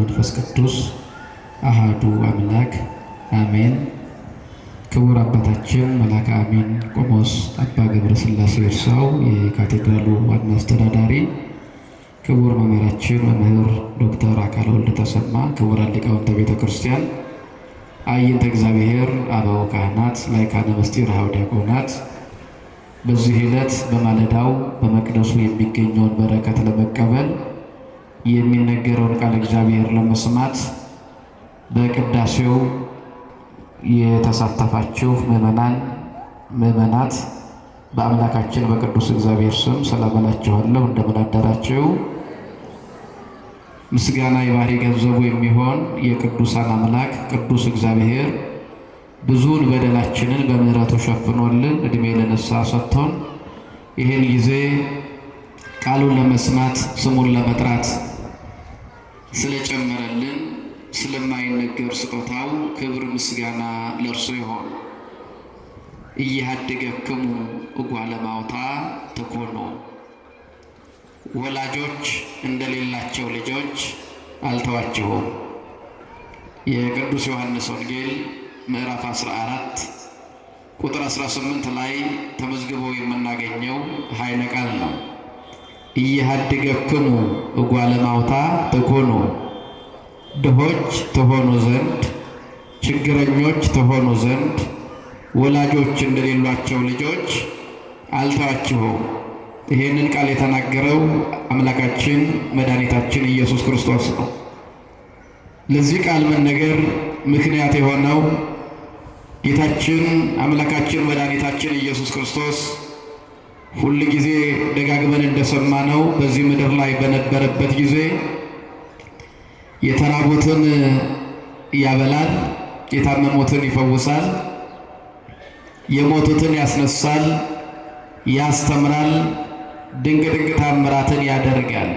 ወመንፈስ ቅዱስ አሃዱ አምላክ አሜን። ክቡር አባታችን መልአከ አሚን ቆሞስ አባ ገብረ ስላሴ እርሳው የካቴድራሉ ዋና አስተዳዳሪ፣ ክቡር መምህራችን መምህር ዶክተር አካል ወልድ ተሰማ፣ ክቡራን ሊቃውንተ ቤተ ክርስቲያን፣ አይንተ እግዚአብሔር አበው ካህናት፣ ላይካነ ምስጢር ሀው ዲያቆናት በዚህ ዕለት በማለዳው በመቅደሱ የሚገኘውን በረከት ለመቀበል የሚነገረውን ቃል እግዚአብሔር ለመስማት በቅዳሴው የተሳተፋችሁ ምእመናን፣ ምእመናት በአምላካችን በቅዱስ እግዚአብሔር ስም ሰላም እላችኋለሁ። እንደምን አደራችሁ? ምስጋና የባህሪ ገንዘቡ የሚሆን የቅዱሳን አምላክ ቅዱስ እግዚአብሔር ብዙውን በደላችንን በምሕረቱ ሸፍኖልን እድሜ ለነሳ ሰጥቶን ይህን ጊዜ ቃሉን ለመስማት ስሙን ለመጥራት ስለጨመረልን ስለማይነገር ስጦታው ክብር ምስጋና ለእርሱ ይሆን። እያደገክሙ እጓለማውታ ማውታ ተኮኑ ወላጆች እንደሌላቸው ልጆች አልተዋችሁም። የቅዱስ ዮሐንስ ወንጌል ምዕራፍ 14 ቁጥር 18 ላይ ተመዝግቦ የምናገኘው ኃይለ ቃል ነው። እየሃድገክሙ እጓለ ማውታ ትኩኑ ድሆች ትሆኑ ዘንድ ችግረኞች ትሆኑ ዘንድ ወላጆች እንደሌሏቸው ልጆች አልተዋችሁም። ይህንን ቃል የተናገረው አምላካችን መድኃኒታችን ኢየሱስ ክርስቶስ ነው። ለዚህ ቃል መነገር ምክንያት የሆነው ጌታችን አምላካችን መድኃኒታችን ኢየሱስ ክርስቶስ ሁል ጊዜ ደጋግመን እንደሰማነው በዚህ ምድር ላይ በነበረበት ጊዜ የተራቡትን ያበላል፣ የታመሙትን ይፈውሳል፣ የሞቱትን ያስነሳል፣ ያስተምራል፣ ድንቅ ድንቅ ታምራትን ያደርጋል።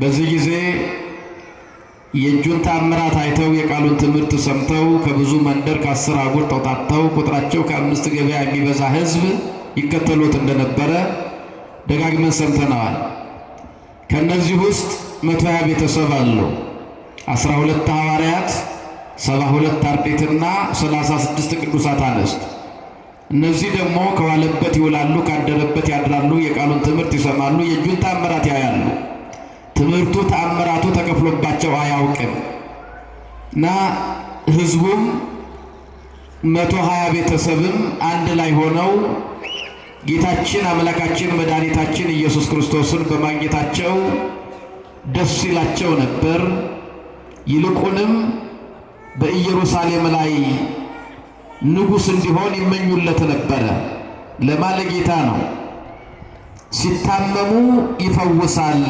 በዚህ ጊዜ የእጁን ታምራት አይተው የቃሉን ትምህርት ሰምተው ከብዙ መንደር ከአስር አጉር ተውጣጥተው ቁጥራቸው ከአምስት ገበያ የሚበዛ ሕዝብ ይከተሉት እንደነበረ ደጋግመን ሰምተነዋል። ከእነዚህ ውስጥ መቶ ሃያ ቤተሰብ አለው። አስራ ሁለት ሐዋርያት፣ ሰባ ሁለት አርድእትና ሰላሳ ስድስት ቅዱሳት አንስት። እነዚህ ደግሞ ከዋለበት ይውላሉ፣ ካደረበት ያድራሉ፣ የቃሉን ትምህርት ይሰማሉ፣ የእጁን ተአምራት ያያሉ። ትምህርቱ ተአምራቱ ተከፍሎባቸው አያውቅም እና ህዝቡም መቶ ሃያ ቤተሰብም አንድ ላይ ሆነው ጌታችን አምላካችን መድኃኒታችን ኢየሱስ ክርስቶስን በማግኘታቸው ደስ ይላቸው ነበር። ይልቁንም በኢየሩሳሌም ላይ ንጉሥ እንዲሆን ይመኙለት ነበረ። ለማለ ጌታ ነው። ሲታመሙ ይፈውሳል፣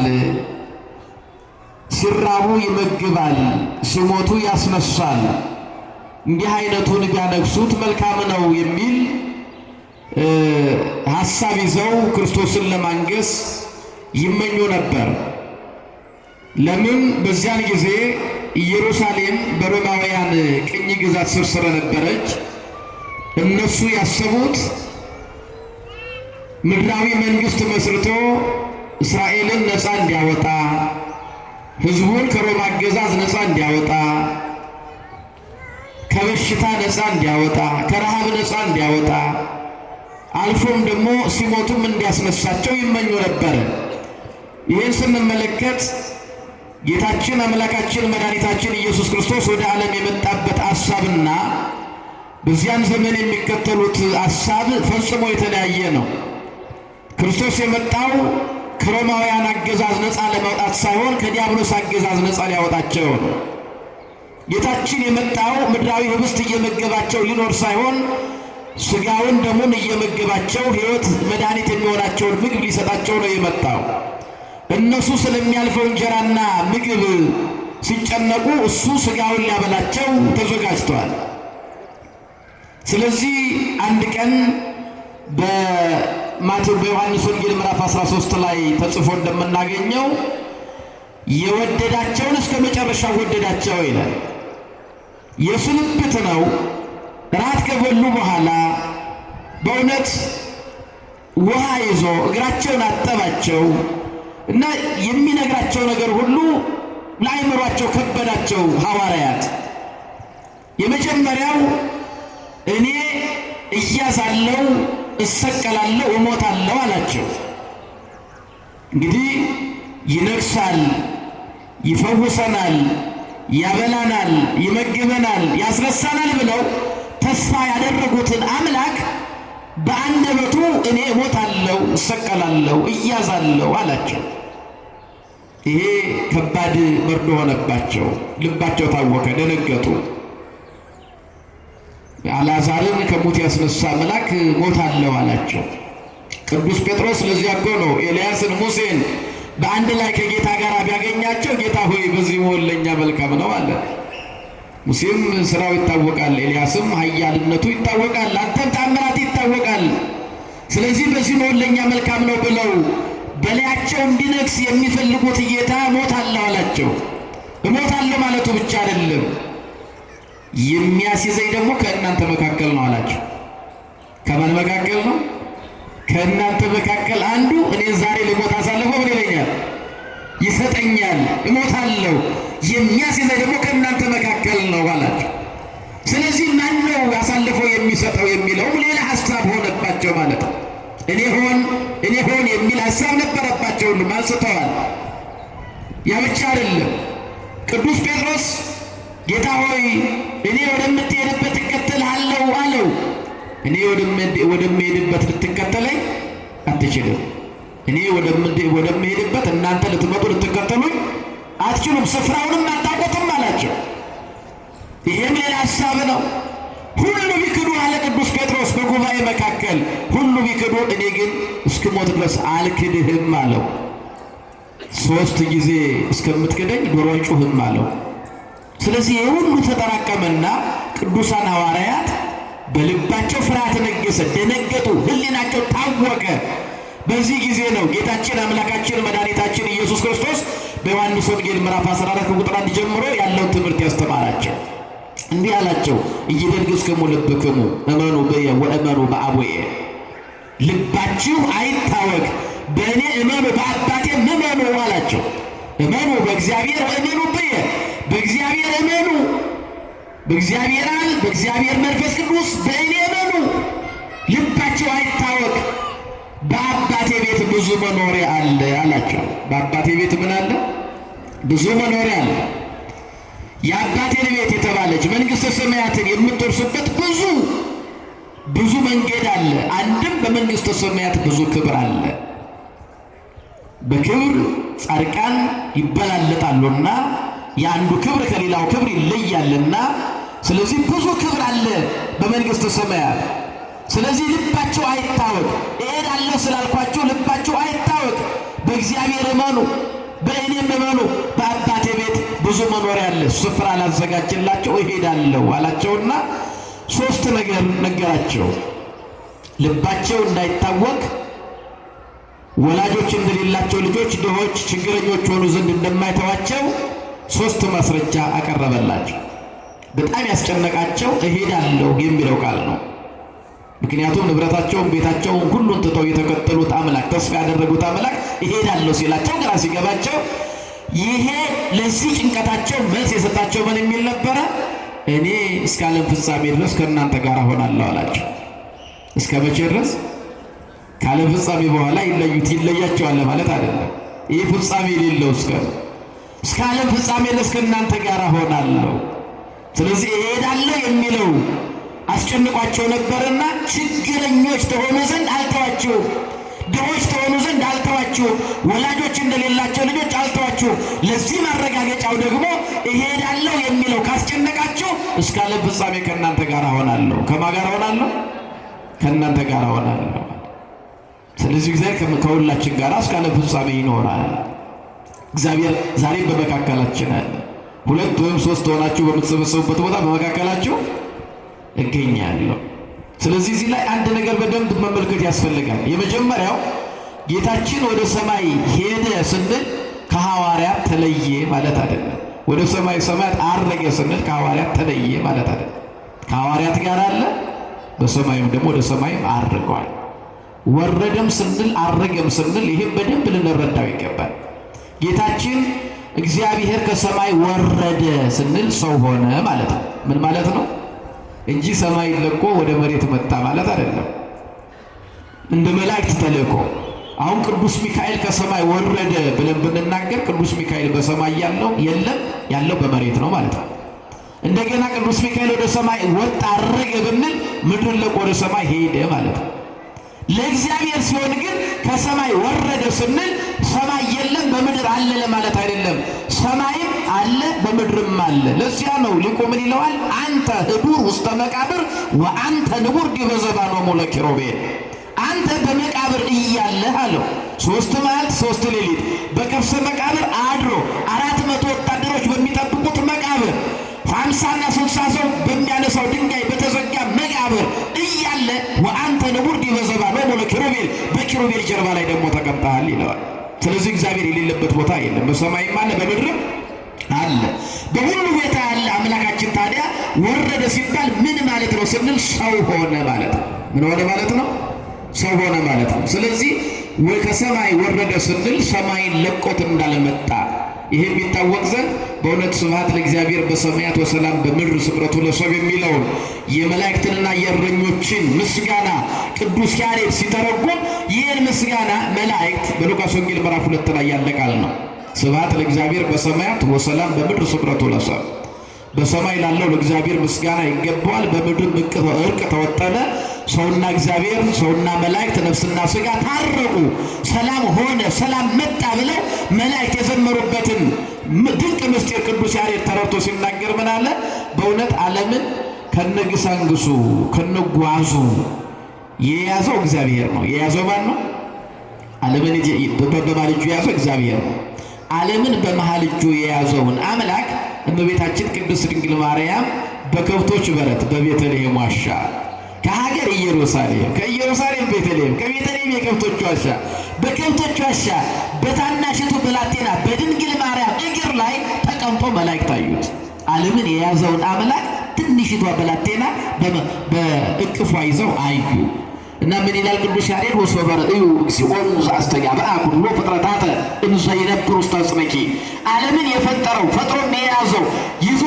ሲራቡ ይመግባል፣ ሲሞቱ ያስነሳል። እንዲህ አይነቱን ቢያነግሱት መልካም ነው የሚል ሀሳብ ይዘው ክርስቶስን ለማንገስ ይመኙ ነበር። ለምን? በዚያን ጊዜ ኢየሩሳሌም በሮማውያን ቅኝ ግዛት ስር ስለነበረች እነሱ ያሰቡት ምድራዊ መንግስት መስርቶ እስራኤልን ነፃ እንዲያወጣ ህዝቡን ከሮማ አገዛዝ ነፃ እንዲያወጣ ከበሽታ ነፃ እንዲያወጣ ከረሃብ ነፃ እንዲያወጣ አልፎም ደግሞ ሲሞቱም እንዲያስነሳቸው ይመኙ ነበር ይህን ስንመለከት ጌታችን አምላካችን መድኃኒታችን ኢየሱስ ክርስቶስ ወደ ዓለም የመጣበት አሳብና በዚያም ዘመን የሚከተሉት አሳብ ፈጽሞ የተለያየ ነው። ክርስቶስ የመጣው ከሮማውያን አገዛዝ ነፃ ለማውጣት ሳይሆን ከዲያብሎስ አገዛዝ ነፃ ሊያወጣቸው ነው። ጌታችን የመጣው ምድራዊ ህብስት እየመገባቸው ሊኖር ሳይሆን ስጋውን ደሙን እየመገባቸው ሕይወት መድኃኒት የሚሆናቸውን ምግብ ሊሰጣቸው ነው የመጣው። እነሱ ስለሚያልፈው እንጀራና ምግብ ሲጨነቁ እሱ ስጋውን ሊያበላቸው ተዘጋጅቷል። ስለዚህ አንድ ቀን በማቴ በዮሐንስ ወንጌል ምዕራፍ 13 ላይ ተጽፎ እንደምናገኘው የወደዳቸውን እስከ መጨረሻ ወደዳቸው ይላል። የሱ ልብት ነው ራት ከበሉ በኋላ በእውነት ውሃ ይዞ እግራቸውን አጠባቸው እና የሚነግራቸው ነገር ሁሉ ለአይምሯቸው ከበዳቸው። ሐዋርያት የመጀመሪያው እኔ እያዛለው እሰቀላለሁ፣ እሞታለሁ አላቸው። እንግዲህ ይነግሳል፣ ይፈውሰናል፣ ያበላናል፣ ይመግበናል፣ ያስነሳናል ብለው ተስፋ ያደረጉትን አምላክ በአንደበቱ እኔ እሞታለሁ፣ እሰቀላለሁ፣ እያዛለሁ አላቸው። ይሄ ከባድ መርዶ ሆነባቸው። ልባቸው ታወከ፣ ደነገጡ። አልዓዛርን ከሙት ያስነሳ መልአክ አለው አላቸው። ቅዱስ ጴጥሮስ ለዚህ አጎ ነው ኤልያስን ሙሴን በአንድ ላይ ከጌታ ጋር ቢያገኛቸው ጌታ ሆይ በዚህ መሆን ለእኛ መልካም ነው አለ። ሙሴም ስራው ይታወቃል፣ ኤልያስም ኃያልነቱ ይታወቃል፣ አንተም ታምራት ይታወቃል። ስለዚህ መሆን ለእኛ መልካም ነው ብለው በላያቸው እንዲነግስ የሚፈልጉት ጌታ እሞታለሁ አላቸው። እሞታለሁ ማለቱ ብቻ አይደለም፣ የሚያስይዘኝ ደግሞ ከእናንተ መካከል ነው አላቸው። ከማን መካከል ነው? ከእናንተ መካከል አንዱ እኔን ዛሬ ልሞት አሳልፎ ምን ይለኛል? ይሰጠኛል፣ እሞታለሁ የሚያስይዘኝ ደግሞ ከእናንተ መካከል ነው አላቸው። ስለዚህ ማን ነው አሳልፎ የሚሰጠው የሚለውም ሌላ ሀሳብ ሆነባቸው ማለት ነው። እኔ ሆን እኔ ሆን የሚል ሀሳብ ነበረባቸው፣ አንስተዋል። ያ ብቻ አይደለም። ቅዱስ ጴጥሮስ ጌታ ሆይ እኔ ወደምትሄድበት እከተልሃለሁ አለው። እኔ ወደምሄድበት ልትከተለኝ አትችልም። እኔ ወደምሄድበት እናንተ ልትመጡ ልትከተሉኝ አትችሉም፣ ስፍራውንም አታውቁትም አላቸው። ይህም ሌላ ሀሳብ ነው። ሁሉ ቢክዱ አለ ቅዱስ ጴጥሮስ በጉባኤ መካከል፣ ሁሉ ቢክዱ እኔ ግን እስክሞት ድረስ አልክድህም አለው። ሶስት ጊዜ እስከምትክደኝ ዶሮ ጩህም አለው። ስለዚህ ይህ ተጠራቀመና ቅዱሳን ሐዋርያት በልባቸው ፍርሃት ነገሰ፣ ደነገጡ፣ ሕሊናቸው ታወቀ። በዚህ ጊዜ ነው ጌታችን አምላካችን መድኃኒታችን ኢየሱስ ክርስቶስ በዮሐንስ ወንጌል ምዕራፍ 14 ቁጥር 1 ጀምሮ ያለውን ትምህርት ያስተማራቸው። እንዲህ አላቸው፣ ኢይደንግሥክሙ ልብክሙ እመኑ በየ ወእመኑ በአቡየ። ልባችሁ አይታወክ፣ በእኔ እመኑ በአባቴ እመኑ አላቸው። እመኑ በእግዚአብሔር ወእመኑ በየ፣ በእግዚአብሔር እመኑ፣ በእግዚአብሔር አብ፣ በእግዚአብሔር መንፈስ ቅዱስ፣ በእኔ እመኑ ልባችሁ መኖሪያ አለ አላቸው። በአባቴ ቤት ምን አለ? ብዙ መኖሪያ አለ። የአባቴን ቤት የተባለች መንግሥተ ሰማያትን የምትወርስበት ብዙ ብዙ መንገድ አለ። አንድም በመንግሥተ ሰማያት ብዙ ክብር አለ። በክብር ጻድቃን ይበላለጣሉና የአንዱ ክብር ከሌላው ክብር ይለያልና፣ ስለዚህ ብዙ ክብር አለ በመንግሥተ ሰማያት ስለዚህ ልባችሁ አይታወቅ። እሄዳለሁ ስላልኳችሁ ልባችሁ አይታወቅ። በእግዚአብሔር እመኑ፣ በእኔም እመኑ። በአባቴ ቤት ብዙ መኖሪያ አለ፣ ስፍራ ላዘጋጅላቸው እሄዳለሁ አላቸውና ሶስት ነገር ነገራቸው። ልባቸው እንዳይታወቅ ወላጆች እንደሌላቸው ልጆች ድሆች፣ ችግረኞች ሆኑ ዘንድ እንደማይተዋቸው ሶስት ማስረጃ አቀረበላቸው። በጣም ያስጨነቃቸው እሄዳለሁ የሚለው ቃል ነው። ምክንያቱም ንብረታቸውን፣ ቤታቸውን ሁሉን ትተው የተከተሉት አምላክ ተስፋ ያደረጉት አምላክ እሄዳለሁ ሲላቸው ግራ ሲገባቸው ይሄ ለዚህ ጭንቀታቸው መልስ የሰጣቸው ምን የሚል ነበረ? እኔ እስከ ዓለም ፍጻሜ ድረስ ከእናንተ ጋር ሆናለሁ አላቸው። እስከ መቼ ድረስ? ከዓለም ፍጻሜ በኋላ ይለዩት ይለያቸዋል ማለት አይደለም። ይህ ፍጻሜ የሌለው እስከ እስከ ዓለም ፍጻሜ ድረስ ከእናንተ ጋር ሆናለሁ። ስለዚህ እሄዳለሁ የሚለው አስጨንቋቸው ነበርና ችግረኞች ተሆኑ ዘንድ አልተዋችሁ፣ ድሆች ተሆኑ ዘንድ አልተዋችሁ፣ ወላጆች እንደሌላቸው ልጆች አልተዋችሁ። ለዚህ ማረጋገጫው ደግሞ እሄዳለሁ የሚለው ካስጨነቃችሁ እስከ ዓለም ፍጻሜ ከእናንተ ጋር ሆናለሁ። ከማ ጋር ሆናለሁ? ከእናንተ ጋር ሆናለሁ። ስለዚህ እግዚአብሔር ከሁላችን ጋር እስከ ዓለም ፍጻሜ ይኖራል። እግዚአብሔር ዛሬም በመካከላችን አለ። ሁለት ወይም ሶስት ሆናችሁ በምትሰበሰቡበት ቦታ በመካከላችሁ እገኛለሁ። ስለዚህ እዚህ ላይ አንድ ነገር በደንብ መመልከት ያስፈልጋል። የመጀመሪያው ጌታችን ወደ ሰማይ ሄደ ስንል ከሐዋርያት ተለየ ማለት አይደለም። ወደ ሰማይ ሰማያት አረገ ስንል ከሐዋርያት ተለየ ማለት አይደለም። ከሐዋርያት ጋር አለ፣ በሰማይም ደግሞ ወደ ሰማይም አርገዋል። ወረደም ስንል አረገም ስንል ይህም በደንብ ልንረዳው ይገባል። ጌታችን እግዚአብሔር ከሰማይ ወረደ ስንል ሰው ሆነ ማለት ነው። ምን ማለት ነው? እንጂ ሰማይ ለቆ ወደ መሬት መጣ ማለት አይደለም። እንደ መላእክት ተልእኮ አሁን ቅዱስ ሚካኤል ከሰማይ ወረደ ብለን ብንናገር ቅዱስ ሚካኤል በሰማይ ያለው የለም፣ ያለው በመሬት ነው ማለት ነው። እንደገና ቅዱስ ሚካኤል ወደ ሰማይ ወጣ አረገ ብንል ምድርን ለቆ ወደ ሰማይ ሄደ ማለት ነው። ለእግዚአብሔር ሲሆን ግን ከሰማይ ወረደ ስንል ሰማይ የለም በምድር አለ ለማለት አይደለም። ሰማይም አለ በምድርም አለ። ለዚያ ነው ሊቁ ምን ይለዋል? አንተ ህዱር ውስተ መቃብር ወአንተ ንቡር ዲበ ዘባኖሙ ለኪሩቤል አንተ በመቃብር እያለህ አለው ሶስት መዓልት ሶስት ሌሊት በከብሰ መቃብር አድሮ አራት መቶ ወታደሮች በሚጠብቁት መቃብር ሀምሳና ስልሳ ሰው በሚያነሳው ድንጋይ በተዘጋ መቃብር እያለ ወአንተ ንቡር ዲበ ዘባኖሙ ለኪሩቤል በኪሩቤል ጀርባ ላይ ደግሞ ተቀምጠሃል ይለዋል። ስለዚህ እግዚአብሔር የሌለበት ቦታ የለም። በሰማይም አለ በምድርም አለ። በሁሉ ቦታ ያለ አምላካችን ታዲያ ወረደ ሲባል ምን ማለት ነው ስንል ሰው ሆነ ማለት ነው። ምን ሆነ ማለት ነው? ሰው ሆነ ማለት ነው። ስለዚህ ከሰማይ ወረደ ስንል ሰማይን ለቆት እንዳልመጣ ይህም ይታወቅ ዘንድ በእውነት ስብሐት ለእግዚአብሔር በሰማያት ወሰላም በምድር ስምረቱ ለሰብ የሚለውን የመላእክትንና የእረኞችን ምስጋና ቅዱስ ያሬድ ሲተረጉም ይህን ምስጋና መላእክት በሉቃስ ወንጌል ምዕራፍ ሁለት ላይ ያለ ቃል ነው። ስብሐት ለእግዚአብሔር በሰማያት ወሰላም በምድር ስምረቱ ለሰብ በሰማይ ላለው ለእግዚአብሔር ምስጋና ይገባዋል፣ በምድር እርቅ ተወጠነ ሰውና እግዚአብሔር፣ ሰውና መላእክት፣ ነፍስና ስጋ ታረቁ፣ ሰላም ሆነ፣ ሰላም መጣ ብለው መላእክት የዘመሩበትን ድንቅ ምስጢር ቅዱስ ያሬድ ተረድቶ ሲናገር ምን አለ? በእውነት ዓለምን ከነግሳንግሱ ከነጓዙ የያዘው እግዚአብሔር ነው። የያዘው ማን ነው? ዓለምን በመሃል እጁ የያዘው እግዚአብሔር ነው። ዓለምን በመሃል እጁ የያዘውን አምላክ እመቤታችን ቅድስት ድንግል ማርያም በከብቶች በረት በቤተልሔም ዋሻ ከሀገር ኢየሩሳሌም፣ ከኢየሩሳሌም ቤተልሔም፣ ከቤተልሔም የከብቶች ዋሻ፣ በከብቶች ዋሻ በታናሽቱ ብላቴና በድንግል ማርያም እግር ላይ ተቀምጦ መላእክት ታዩት። ዓለምን የያዘውን አምላክ ትንሽቷ ብላቴና በእቅፏ ይዘው አዩ እና ምን ይላል ቅዱስ ያሬድ? ወሶበር እዩ እግዚኦሙ ዘአስተግዓ በአብ ኩሎ ፍጥረታተ እንዘ ይነብር ውስተ አጽመቂ ዓለምን የፈጠረው ፈጥሮም የያዘው ይዞ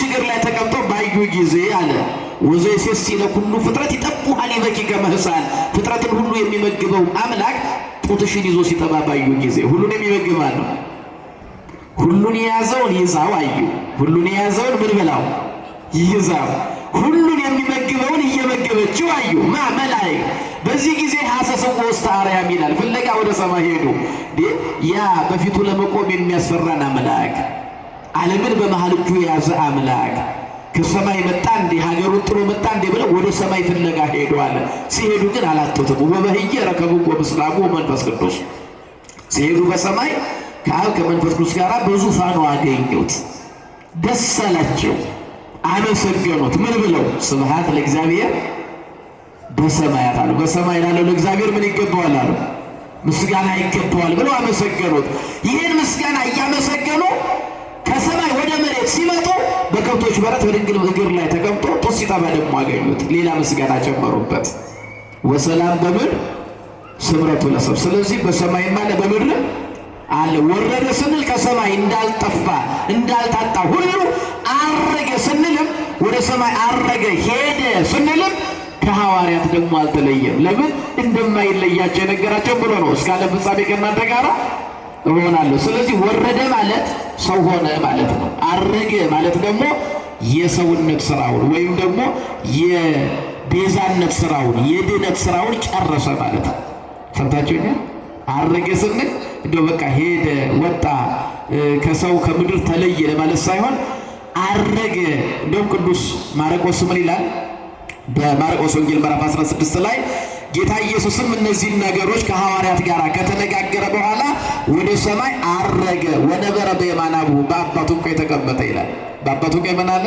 በአንቺ እግር ላይ ተቀምጠው ባዩ ጊዜ አለ ወዘ የሴስ ለኩሉ ፍጥረት ይጠቁሃል ይበኪ ከመህሳን ፍጥረትን ሁሉ የሚመግበው አምላክ ጡትሽን ይዞ ሲጠባ ባዩ ጊዜ ሁሉን የሚመግባ ነው። ሁሉን የያዘውን ይዛው አዩ። ሁሉን የያዘውን ምን ብላው ይዛው ሁሉን የሚመግበውን እየመገበችው አዩ ማ መላይ በዚህ ጊዜ ሐሰሰው ወስተ አርያም ይላል ፍለጋ ወደ ሰማይ ሄዱ። ያ በፊቱ ለመቆም የሚያስፈራን አምላክ ዓለምን በመሃል እጁ የያዘ አምላክ ከሰማይ መጣ እንዴ ሀገሩን ጥሎ መጣ እንዴ ብለው ወደ ሰማይ ፍለጋ ሄደዋል። ሲሄዱ ግን አላጡትም። ወበህየ ረከቡ ምስላኩ መንፈስ ቅዱስ ሲሄዱ በሰማይ ከአብ ከመንፈስ ቅዱስ ጋር በዙፋኑ አገኙት። ደስ አላቸው፣ አመሰገኑት። ምን ብለው ስብሐት ለእግዚአብሔር በሰማያት አሉ። በሰማይ ላለው ለእግዚአብሔር ምን ይገባዋል አሉ፣ ምስጋና ይገባዋል ብለው አመሰገኑት። ይህን ምስጋና እያመሰገኑ ሲመጡ በከብቶች በረት በድንግል እግር ላይ ተቀምጦ ጡት ሲጠባ ደግሞ አገኙት። ሌላ ምስጋና ጨመሩበት። ወሰላም በምድር ስምረቱ ለሰብ። ስለዚህ በሰማይም አለ በምድር አለ። ወረደ ስንል ከሰማይ እንዳልጠፋ እንዳልታጣ ሁሉ አረገ ስንልም ወደ ሰማይ አረገ ሄደ ስንልም ከሐዋርያት ደግሞ አልተለየም። ለምን እንደማይለያቸው የነገራቸው ብሎ ነው እስካለ ፍጻሜ ከእናንተ ጋራ እሆናለሁ። ስለዚህ ወረደ ማለት ሰው ሆነ ማለት ነው። አረገ ማለት ደግሞ የሰውነት ስራውን ወይም ደግሞ የቤዛነት ስራውን የድነት ስራውን ጨረሰ ማለት ነው። ሰምታችሁኛል? አረገ ስንል እንደው በቃ ሄደ፣ ወጣ፣ ከሰው ከምድር ተለየ ለማለት ሳይሆን አረገ። እንደውም ቅዱስ ማርቆስ ምን ይላል? በማርቆስ ወንጌል ምዕራፍ 16 ላይ ጌታ ኢየሱስም እነዚህን ነገሮች ከሐዋርያት ጋር ከተነጋገረ በኋላ ወደ ሰማይ አረገ። ወነበረ በየማናቡ በአባቱ ቀኝ የተቀመጠ ይላል። በአባቱ ቀኝ ምን አለ?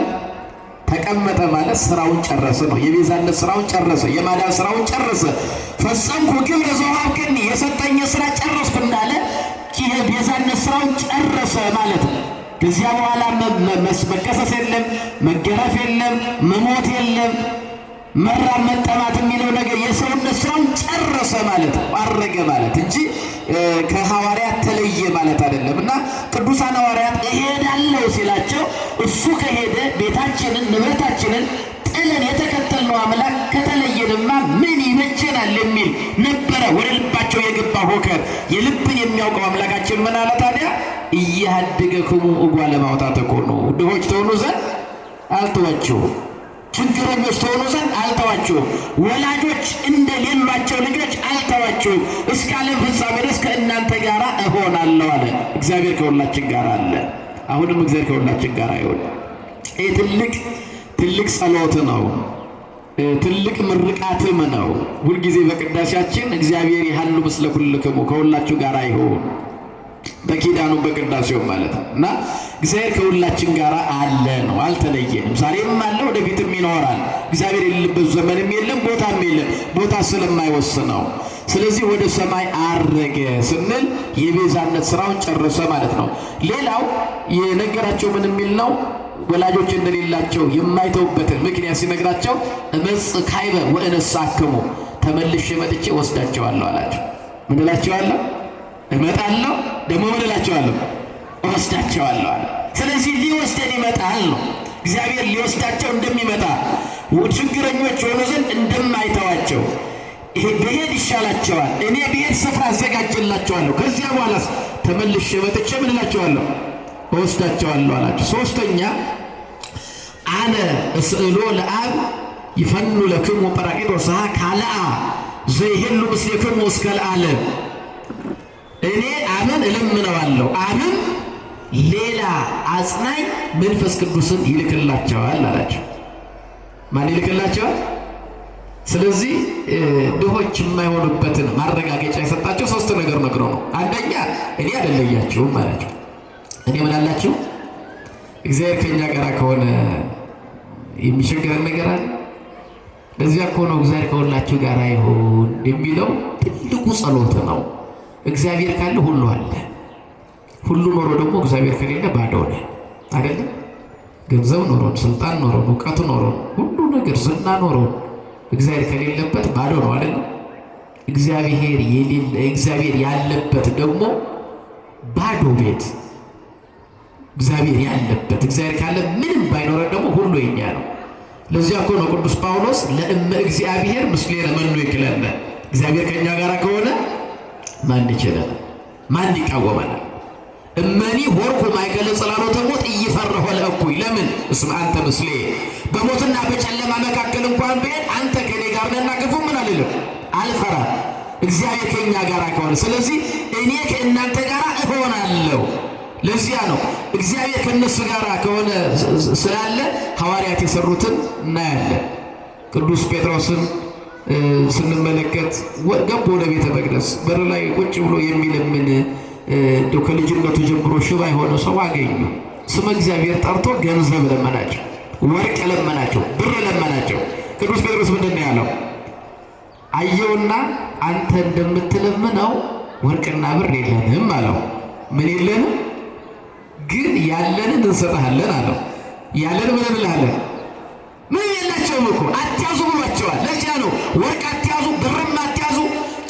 ተቀመጠ ማለት ስራውን ጨረሰ ነው። የቤዛነት ስራውን ጨረሰ፣ የማዳን ስራውን ጨረሰ። ፈጸምኩ ግብረ ዘወሀብከኒ የሰጠኝ ስራ ጨረስኩ እንዳለ የቤዛነት ስራውን ጨረሰ ማለት ነው። ከዚያ በኋላ መከሰስ የለም፣ መገረፍ የለም፣ መሞት የለም። መራብ መጠማት የሚለው ነገር የሰውነት ስራውን ጨረሰ ማለት ነው። አረገ ማለት እንጂ ከሐዋርያት ተለየ ማለት አይደለም። እና ቅዱሳን ሐዋርያት እሄዳለሁ ሲላቸው እሱ ከሄደ ቤታችንን፣ ንብረታችንን ጥለን የተከተልነው አምላክ ከተለየንማ ምን ይመቸናል የሚል ነበረ ወደ ልባቸው የገባ ሆከር። የልብን የሚያውቀው አምላካችን ምን አለ ታዲያ? እያደገ ክሙ እጓ ለማውጣት እኮ ነው ድሆች ተሆኑ ዘንድ አልተዋችሁም ችግረኞች ተሆኑ ዘንድ አልተዋችሁም። ወላጆች እንደሌሏቸው ልጆች አልተዋችሁም። እስከ ዓለም ፍጻሜ ድረስ ከእናንተ ጋር እሆናለሁ አለ። እግዚአብሔር ከሁላችን ጋር አለ። አሁንም እግዚአብሔር ከሁላችን ጋር ይሁን። ይህ ትልቅ ትልቅ ጸሎት ነው። ትልቅ ምርቃትም ነው። ሁልጊዜ በቅዳሴያችን እግዚአብሔር ያህሉ ምስለ ኩልክሙ ከሁላችሁ ጋር ይሁን በኪዳኑ በቅዳሴው ማለት ነው። እና እግዚአብሔር ከሁላችን ጋር አለ ነው፣ አልተለየንም። ዛሬም አለ፣ ወደፊትም ይኖራል። እግዚአብሔር የሌለበት ዘመንም የለም፣ ቦታም የለም፣ ቦታ ስለማይወስነው። ስለዚህ ወደ ሰማይ አረገ ስንል የቤዛነት ስራውን ጨረሰ ማለት ነው። ሌላው የነገራቸው ምን የሚል ነው? ወላጆች እንደሌላቸው የማይተውበትን ምክንያት ሲነግራቸው እመጽ ካይበ ወእነሳክሙ ተመልሼ መጥቼ ወስዳቸዋለሁ አላቸው። ምንላቸዋለሁ? እመጣለሁ ደግሞ ምን እላቸዋለሁ? እወስዳቸዋለሁ። ስለዚህ ሊወስደን ይመጣል ነው። እግዚአብሔር ሊወስዳቸው እንደሚመጣ ችግረኞች የሆኑ ዘንድ እንደማይተዋቸው ይሄ ብሄድ ይሻላቸዋል፣ እኔ ብሄድ ስፍራ አዘጋጅላቸዋለሁ፣ ከዚያ በኋላስ ተመልሼ መጥቼ ምን እላቸዋለሁ? እወስዳቸዋለሁ አላቸው። ሶስተኛ አነ እስእሎ ለአብ ይፈኑ ለክሙ ጰራቂጦስሃ ካልአ ዘይሄሉ ምስሌክሙ እስከ ለዓለም እኔ አብን እለምነዋለሁ አብን ሌላ አጽናኝ መንፈስ ቅዱስን ይልክላቸዋል አላቸው። ማን ይልክላቸዋል? ስለዚህ ድሆች የማይሆኑበትን ማረጋገጫ የሰጣቸው ሶስት ነገር መክሮ ነው። አንደኛ እኔ አደለያችሁም አላቸው። እኔ ምን አላችሁ? እግዚአብሔር ከኛ ጋር ከሆነ የሚቸገረን ነገር አለ? ለዚያ ከሆነ እግዚአብሔር ከሁላችሁ ጋር ይሁን የሚለው ትልቁ ጸሎት ነው። እግዚአብሔር ካለ ሁሉ አለ። ሁሉ ኖሮ ደግሞ እግዚአብሔር ከሌለ ባዶ ሆነ አይደለም። ገንዘብ ኖሮን፣ ስልጣን ኖሮን፣ እውቀት ኖሮን፣ ሁሉ ነገር ዝና ኖሮን እግዚአብሔር ከሌለበት ባዶ ነው አይደለም። እግዚአብሔር የሌለ እግዚአብሔር ያለበት ደግሞ ባዶ ቤት እግዚአብሔር ያለበት እግዚአብሔር ካለ ምንም ባይኖረን ደግሞ ሁሉ የኛ ነው። ለዚያ እኮ ነው ቅዱስ ጳውሎስ ለእመ እግዚአብሔር ምስሌ ለመኑ ይክለነ እግዚአብሔር ከእኛ ጋር ከሆነ ማን ይችላል? ማን ይቃወማል? እመኒ ወርኩ ማይገለ ጽላሎተ ሞት እይፈርሆ ለእኩይ ለምን እስመ አንተ ምስሌ በሞትና በጨለማ መካከል እንኳን ብሄድ አንተ ከኔ ጋር ነና ክፉ ምን አልልም አልፈራ እግዚአብሔር ከኛ ጋር ከሆነ ስለዚህ እኔ ከእናንተ ጋር እሆናለሁ። ለዚያ ነው እግዚአብሔር ከእነሱ ጋር ከሆነ ስላለ ሐዋርያት የሰሩትን እናያለን። ቅዱስ ጴጥሮስን ስንመለከት ገባ ወደ ቤተ መቅደስ በር ላይ ቁጭ ብሎ የሚለምን እንደው ከልጅነቱ ጀምሮ ሽባ የሆነ ሰው አገኙ። ስመ እግዚአብሔር ጠርቶ ገንዘብ ለመናቸው፣ ወርቅ ለመናቸው፣ ብር ለመናቸው። ቅዱስ ጴጥሮስ ምንድን ነው ያለው? አየውና አንተ እንደምትለምነው ወርቅና ብር የለንም አለው። ምን የለንም ግን ያለንን እንሰጥሃለን አለው። ያለን ምን እንልሃለን ምን የላቸውም እኮ አትያዙ ብሏቸዋል። ለዚያ ነው ወርቅ አትያዙ፣ ብርም አትያዙ፣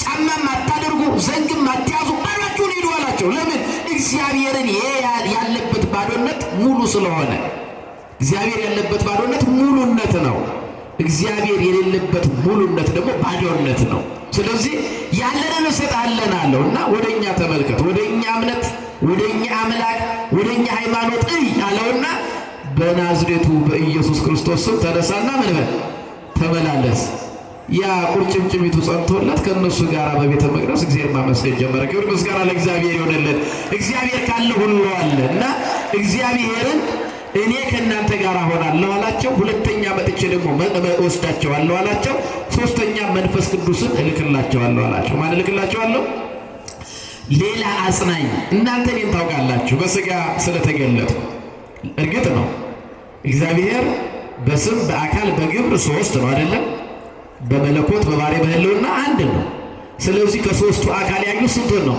ጫማም አታደርጉ፣ ዘንግም አትያዙ ባሏችሁን ሄዱ አላቸው። ለምን? እግዚአብሔርን ያለበት ባዶነት ሙሉ ስለሆነ እግዚአብሔር ያለበት ባዶነት ሙሉነት ነው። እግዚአብሔር የሌለበት ሙሉነት ደግሞ ባዶነት ነው። ስለዚህ ያለንን እሰጣለን አለው እና ወደ እኛ ተመልከት፣ ወደ እኛ እምነት፣ ወደ እኛ አምላክ፣ ወደ እኛ ሃይማኖት እይ አለውና በናዝሬቱ በኢየሱስ ክርስቶስ ስም ተነሳና ምን በል ተመላለስ። ያ ቁርጭምጭሚቱ ጸንቶለት ከእነሱ ጋር በቤተ መቅደስ እግዚአብሔር ማመስገን ጀመረ። ክብር ምስጋና ለእግዚአብሔር ይሆንለት። እግዚአብሔር ካለ ሁሉ አለ እና እግዚአብሔርን እኔ ከእናንተ ጋር ሆናለሁ አላቸው። ሁለተኛ መጥቼ ደግሞ ወስዳቸዋለሁ አላቸው። ሶስተኛ መንፈስ ቅዱስን እልክላቸዋለሁ አላቸው። ማን እልክላቸዋለሁ? ሌላ አጽናኝ። እናንተ እኔን ታውቃላችሁ በስጋ ስለተገለጥኩ እርግጥ ነው እግዚአብሔር በስም በአካል በግብር ሶስት ነው አይደለም። በመለኮት በባሕርይ በሕልውና አንድ ነው። ስለዚህ ከሶስቱ አካል ያዩት ስንቱን ነው?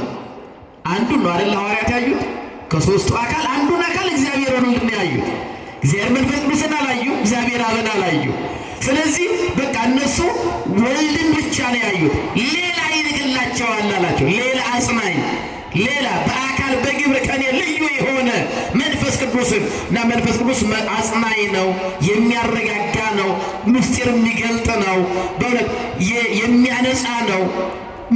አንዱን ነው አይደለ ሐዋርያት ያዩት ከሶስቱ አካል አንዱን አካል እግዚአብሔር ወልድን ያዩት። እግዚአብሔር መንፈስ ቅዱስን አላዩ፣ እግዚአብሔር አብን አላዩ። ስለዚህ በቃ እነሱ ወልድን ብቻ ነው ያዩት። ሌላ ይልክላቸዋል አላቸው። ሌላ አጽናኝ፣ ሌላ በአካል በግብር ከኔ ልዩ የሆነ መንፈስ ቅዱስ እና መንፈስ ቅዱስ አጽናኝ ነው፣ የሚያረጋጋ ነው፣ ምስጢር የሚገልጥ ነው፣ በእውነት የሚያነጻ ነው።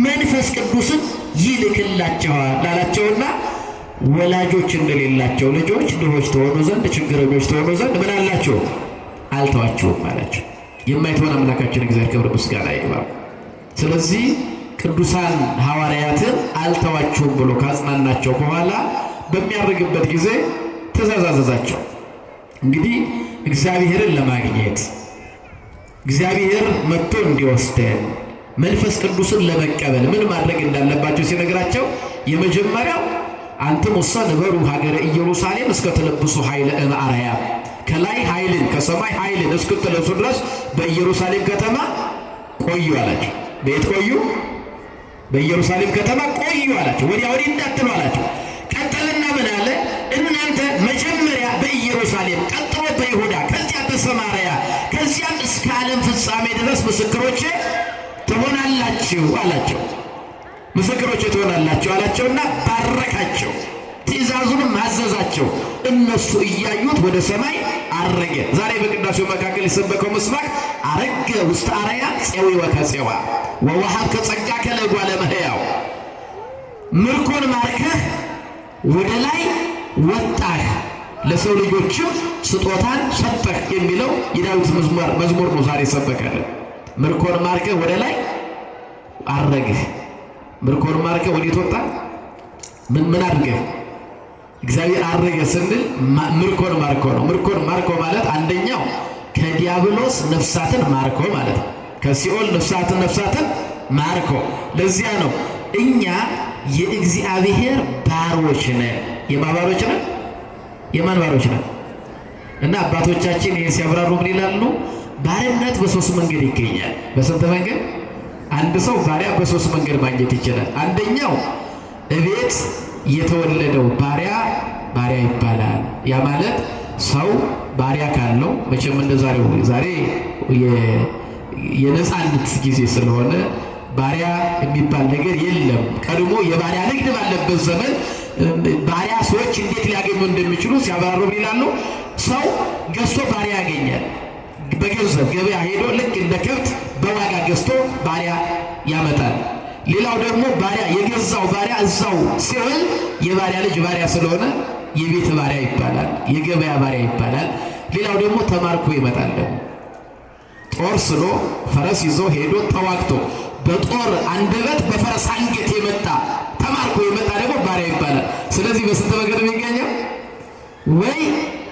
መንፈስ ቅዱስን ይልክላቸዋል ላላቸውና ወላጆች እንደሌላቸው ልጆች ድሆች ተሆኑ ዘንድ ችግረኞች ተሆኑ ዘንድ ምን አላቸው አልተዋቸውም አላቸው። የማይተወን አምላካችን እግዚአብሔር ክብር ምስጋና ይግባው። ስለዚህ ቅዱሳን ሐዋርያትን አልተዋችሁም ብሎ ካጽናናቸው በኋላ በሚያርግበት ጊዜ ተዛዛዘዛቸው። እንግዲህ እግዚአብሔርን ለማግኘት እግዚአብሔር መጥቶ እንዲወስደን መንፈስ ቅዱስን ለመቀበል ምን ማድረግ እንዳለባቸው ሲነግራቸው የመጀመሪያው ሙሳ ነበሩ ሀገረ ኢየሩሳሌም እስከተለብሱ ኃይለ እምአርያ ከላይ ኃይልን ከሰማይ ኃይልን እስክትለብሱ ድረስ በኢየሩሳሌም ከተማ ቆዩ አላቸው። ቤት ቆዩ? በኢየሩሳሌም ከተማ ቆዩ አላቸው። ወዲያ ወዲህ እንዳትሉ አላቸው። ቀጠልና ምን አለ? እናንተ መጀመሪያ በኢየሩሳሌም ቀጥሎ በይሁዳ ከዚያ በሰማርያ ከዚያም እስከ ዓለም ፍጻሜ ድረስ ምስክሮቼ ትሆናላችሁ አላቸው። ምስክሮቼ ትሆናላችሁ አላቸውና ባረካቸው፣ ትእዛዙንም አዘዛቸው። እነሱ እያዩት ወደ ሰማይ አረገ። ዛሬ በቅዳሴው መካከል የሰበከው ምስባክ አረገ ውስተ አርአያ ፄዊ ወከፄዋ ከጸጋ ጸጋከ ጓለ መህያው ምርኮን ማርከህ ወደ ላይ ወጣህ ለሰው ልጆችም ስጦታን ሰጠህ የሚለው የዳዊት መዝሙር ነው። ዛሬ ይሰበካል። ምርኮን ማርከህ ወደ ላይ አረግህ። ምርኮን ማርከህ ወዴት ወጣ? ምን ምን አድርገህ? እግዚአብሔር አረገ ስንል ምርኮን ማርከው ነው። ምርኮን ማርከው ማለት አንደኛው ከዲያብሎስ ነፍሳትን ማርከው ማለት ነው። ከሲኦል ነፍሳትን ነፍሳትን ማርኮ። ለዚያ ነው እኛ የእግዚአብሔር ባሮች ነን። የማን ባሮች ነን? የማን ባሮች ነን? እና አባቶቻችን ይህን ሲያብራሩ ምን ይላሉ? ባርነት በሶስት መንገድ ይገኛል። በስንት መንገድ? አንድ ሰው ባሪያ በሶስት መንገድ ማግኘት ይችላል። አንደኛው እቤት የተወለደው ባሪያ ባሪያ ይባላል። ያ ማለት ሰው ባሪያ ካለው መቼም እንደ ዛሬ የነፃነት ጊዜ ስለሆነ ባሪያ የሚባል ነገር የለም። ቀድሞ የባሪያ ንግድ ባለበት ዘመን ባሪያ ሰዎች እንዴት ሊያገኙ እንደሚችሉ ሲያበራሩ ይላሉ። ሰው ገዝቶ ባሪያ ያገኛል። በገንዘብ ገበያ ሄዶ ልክ እንደ ከብት በዋጋ ገዝቶ ባሪያ ያመጣል። ሌላው ደግሞ ባሪያ የገዛው ባሪያ እዛው ሲሆን የባሪያ ልጅ ባሪያ ስለሆነ የቤት ባሪያ ይባላል፣ የገበያ ባሪያ ይባላል። ሌላው ደግሞ ተማርኮ ይመጣል። ጦር ስሎ ፈረስ ይዞ ሄዶ ተዋግቶ በጦር አንደበት በፈረስ አንገት የመጣ ተማርኮ የመጣ ደግሞ ባሪያ ይባላል። ስለዚህ በስንት መንገድ የሚገኘው ወይ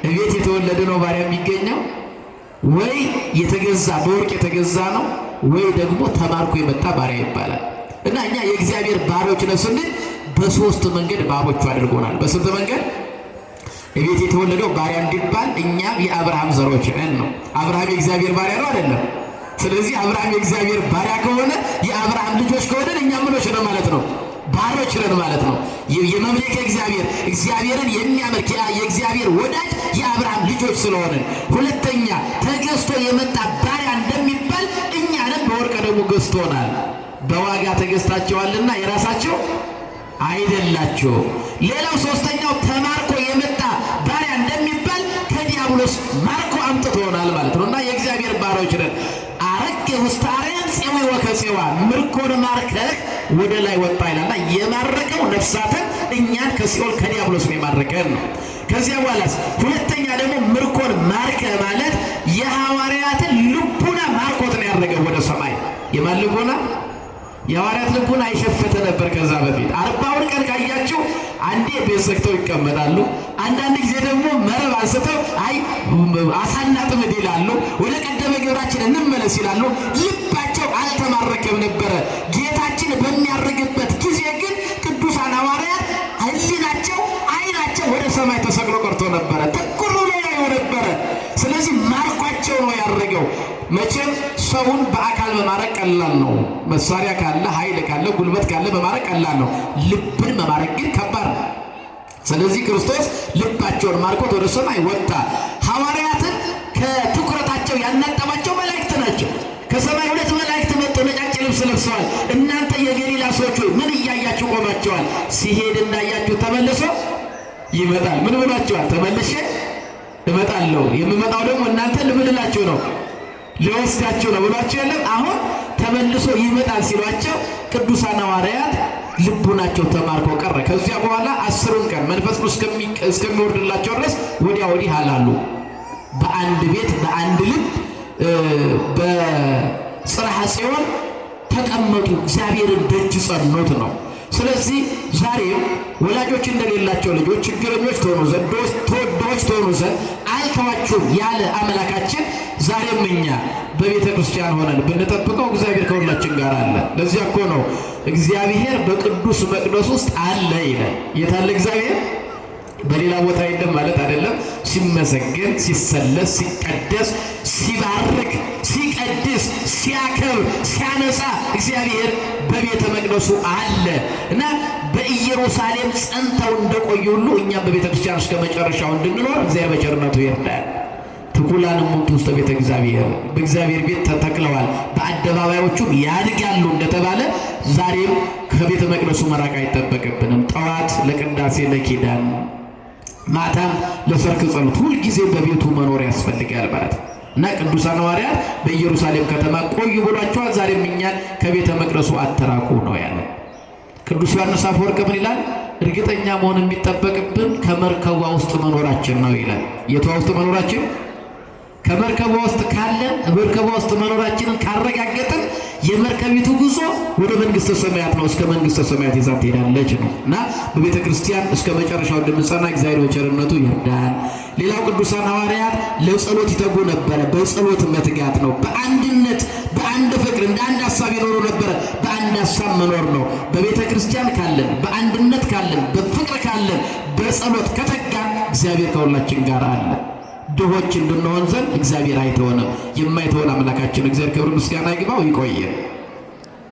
እቤት የተወለደ ነው ባሪያ የሚገኘው ወይ የተገዛ በወርቅ የተገዛ ነው ወይ ደግሞ ተማርኮ የመጣ ባሪያ ይባላል። እና እኛ የእግዚአብሔር ባሪዎች ነው ስንል በሶስት መንገድ ባሮቹ አድርጎናል። በስንት መንገድ እቤት የተወለደው ባሪያ እንዲባል እኛ የአብርሃም ዘሮች ነን ነው። አብርሃም የእግዚአብሔር ባሪያ ነው አይደለም? ስለዚህ አብርሃም የእግዚአብሔር ባሪያ ከሆነ የአብርሃም ልጆች ከሆነ እኛ ምኖች ነን ማለት ነው፣ ባሮች ነን ማለት ነው። የመምለክ እግዚአብሔር እግዚአብሔርን የሚያመልክ የእግዚአብሔር ወዳጅ የአብርሃም ልጆች ስለሆነን፣ ሁለተኛ ተገዝቶ የመጣ ባሪያ እንደሚባል እኛንም በወርቀ ደግሞ ገዝቶናል። በዋጋ ተገዝታቸዋልና የራሳቸው አይደላቸው። ሌላው ሶስተኛው ተማ ዲያብሎስ ማርኮ አምጥቶናል ማለት ነው። እና የእግዚአብሔር ባሮች ነን። አረግ ውስጥ አርያን ጽዊ ወከጼዋ ምርኮን ማርከህ ወደ ላይ ወጣ ይላልና የማረቀው ነፍሳትን እኛን ከሲኦል ከዲያብሎስ ነው የማረቀን ነው። ከዚያ በኋላስ ሁለተኛ ደግሞ ምርኮን ማርከ ማለት የሐዋርያትን ልቡና ማርኮት ያደረገ ወደ ሰማይ የማልጎና የሐዋርያት ልቡን አይሸፈተ ነበር። ከዛ በፊት አርባውን ቀን ካያችሁ አንዴ ቤት ዘግተው ይቀመጣሉ። አንዳንድ ጊዜ ደግሞ መረብ አንስተው አይ አሳና ጥምድ ይላሉ። ወደ ቀደመ ግብራችን እንመለስ ይላሉ። ልባቸው አልተማረከም ነበረ። ጌታችን በሚያርግበት ጊዜ ግን ቅዱሳን ሐዋርያት ሕሊናቸው፣ ዓይናቸው ወደ ሰማይ ተሰቅሎ ቀርቶ ነበረ። ጥቁሩ ላይ ነበረ። ስለዚህ ሰው ነው ያረገው። መቼም ሰውን በአካል መማረክ ቀላል ነው። መሳሪያ ካለ፣ ኃይል ካለ፣ ጉልበት ካለ መማረክ ቀላል ነው። ልብን መማረክ ግን ከባድ ነው። ስለዚህ ክርስቶስ ልባቸውን ማርኮት ወደ ሰማይ ወጣ። ሐዋርያትን ከትኩረታቸው ያናጠባቸው መላእክት ናቸው። ከሰማይ ሁለት መላእክት መጥተው ነጫጭ ልብስ ለብሰዋል። እናንተ የገሊላ ሰዎች ሆይ ምን እያያችሁ ቆማቸዋል? ሲሄድ እንዳያችሁ ተመልሶ ይመጣል። ምን ብሏቸዋል? ተመልሼ እመጣለሁ። የምመጣው ደግሞ እናንተ ልምልላችሁ ነው ልወስዳችሁ ነው ብሏቸው የለም። አሁን ተመልሶ ይመጣል ሲሏቸው ቅዱሳን ሐዋርያት ልቡናቸው ተማርኮ ቀረ። ከዚያ በኋላ አስሩን ቀን መንፈስ ቅዱስ እስከሚወርድላቸው ድረስ ወዲያ ወዲህ አላሉ። በአንድ ቤት በአንድ ልብ በጽርሐ ጽዮን ተቀመጡ። እግዚአብሔርን ደጅ ጸኖት ነው። ስለዚህ ዛሬም ወላጆች እንደሌላቸው ልጆች ችግረኞች ተሆኑ ዘንድ ተወዳጆች ተሆኑ ዘንድ አይተዋችሁም ያለ አምላካችን ዛሬም እኛ በቤተ ክርስቲያን ሆነን ብንጠብቀው እግዚአብሔር ከሁላችን ጋር አለ። ለዚያ እኮ ነው እግዚአብሔር በቅዱስ መቅደስ ውስጥ አለ ይላል። የታለ እግዚአብሔር? በሌላ ቦታ የለም ማለት አይደለም። ሲመሰገን፣ ሲሰለስ፣ ሲቀደስ ሲባርክ፣ ሲቀድስ፣ ሲያከብር፣ ሲያነጻ እግዚአብሔር በቤተ መቅደሱ አለ እና በኢየሩሳሌም ጸንተው እንደቆዩ ሁሉ እኛም በቤተ ክርስቲያን እስከ መጨረሻው እንድንኖር እግዚአብሔር በቸርነቱ ይርዳል። ትኩላን ሙንት ውስጥ ቤተ እግዚአብሔር በእግዚአብሔር ቤት ተተክለዋል፣ በአደባባዮቹም ያድጋሉ እንደተባለ ዛሬም ከቤተ መቅደሱ መራቅ አይጠበቅብንም። ጠዋት ለቅዳሴ ለኪዳን ማታም ለሰርክ ጸሎት ሁልጊዜ በቤቱ መኖር ያስፈልጋል ማለት ነው። እና ቅዱሳን ሐዋርያት በኢየሩሳሌም ከተማ ቆዩ ብሏቸዋል። ዛሬም እኛን ከቤተ መቅደሱ አተራቁ ነው ያለው። ቅዱስ ዮሐንስ አፈወርቅ ምን ይላል? እርግጠኛ መሆን የሚጠበቅብን ከመርከቧ ውስጥ መኖራችን ነው ይላል። የቷ ውስጥ መኖራችን? ከመርከቧ ውስጥ ካለን መርከቧ ውስጥ መኖራችንን ካረጋገጥን የመርከቢቱ ጉዞ ወደ መንግስተ ሰማያት ነው። እስከ መንግስተ ሰማያት ይዛ ትሄዳለች ነው እና በቤተ ክርስቲያን እስከ መጨረሻው እንደምንጸና እግዚአብሔር በቸርነቱ ይርዳን። ሌላው ቅዱሳን ሐዋርያት ለጸሎት ይተጉ ነበረ። በጸሎት መትጋት ነው። በአንድነት በአንድ ፍቅር እንደ አንድ ሀሳብ ይኖሩ ነበረ። በአንድ ሀሳብ መኖር ነው። በቤተ ክርስቲያን ካለን፣ በአንድነት ካለን፣ በፍቅር ካለን፣ በጸሎት ከተጋን እግዚአብሔር ከሁላችን ጋር አለ። ድሆች እንድንሆን ዘንድ እግዚአብሔር አይተወንም። የማይተወን አምላካችን እግዚአብሔር ክብር ምስጋና ይግባው። ይቆየ